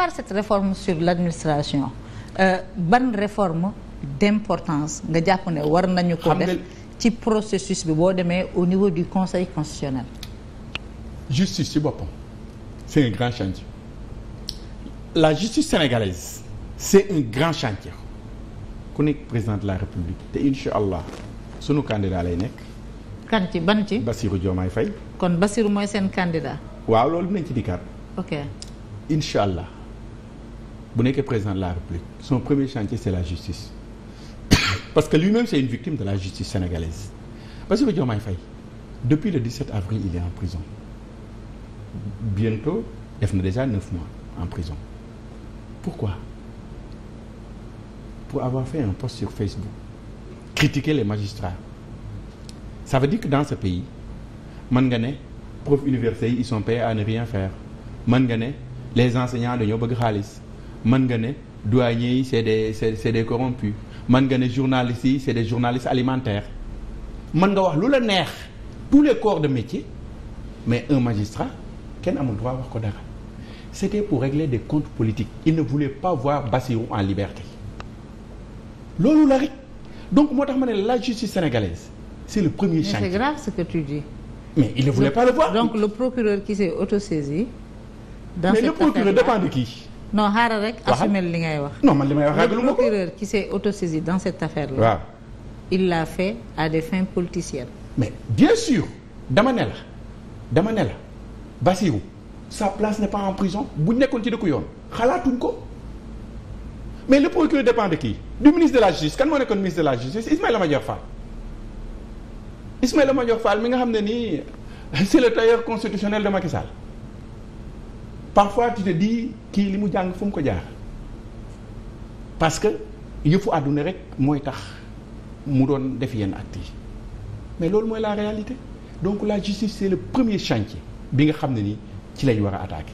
part cette réforme sur l'administration euh, ban réforme d'importance nga jàpp ne war nañu ko def ci processus bi boo demee au niveau du conseil constitutionnel justice ci boppam c'est un grand chantier la justice sénégalaise c'est un grand chantier ku nekk président de la république te incha allah sunu candidat lay nekk kan ci ban ci Bassirou Diomaye Faye kon Bassirou mooy seen candidat waaw loolu nañ ci dikkaat ok incha allah bu nekkee président la République son premier chantier c'est la justice parce que lui-même c'est une victime de la justice sénégalaise Bassirou Diomaye Faye depuis le 17 avril il est en prison bientôt def na déjà neuf mois en prison pourquoi pour avoir fait un post sur Facebook critiquer les magistrats ça veut dire que dans ce pays mën nga ne profs universitaires yi ils sont payés à ne rien faire mën nga ne les enseignants dañoo bëgg xaalis man nga ne douaniers yi c'est des c'est c'est des corrompus mën nga ne journalistes yi c'est des journalistes alimentaires mën nga wax lu la neex tous les corps de métier mais un magistrat kenn amul droit wax ko dara c'était pour régler des comptes politiques il ne voulait pas voir Bassirou en liberté loolu la rek donc moo tax ma ne la justice sénégalaise c'est le premier chantier. Mais c'est grave ce que tu il ne voulait le, pas le voir. donc le procureur qui s'est autosaisi. dans mais cette affaire procureur non xaaral rek. assumer li ngay wax. non man li may wax rek lu ma ko procureur qui s'est autosaisi dans cette affaire là. waaw il l'a fait à des fins politiciennes. mais bien sûr dama ne la dama ne la Bassirou sa place n'est pas en prison bu nekkoon ci dëkku yoon xalaatuñ ko mais le procureur dépend de qui du ministre de la justice kan moo nekkoon ministre de la justice Ismaïla Madior Fall Ismaïla Madior Fall mi nga xam ne nii c'est le tailleur constitutionnel de Macky parfois tu te dis kii li mu jàng fu mu ko jaar parce que yëfu àdduna rek mooy tax mu doon def yenn actes yi mais loolu mooy la réalité donc la justice c'est le premier chantier bi nga xam ne ni ci lañ war a attaquer